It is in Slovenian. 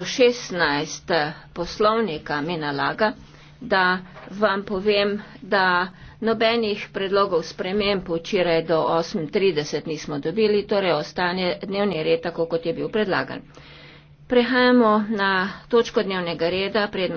16 eh, poslovnika mi nalaga, da vam povem, da nobenih predlogov sprememb včeraj do 8.30 nismo dobili, torej ostane dnevni red tako, kot je bil predlagan. Prehajamo na točko dnevnega reda.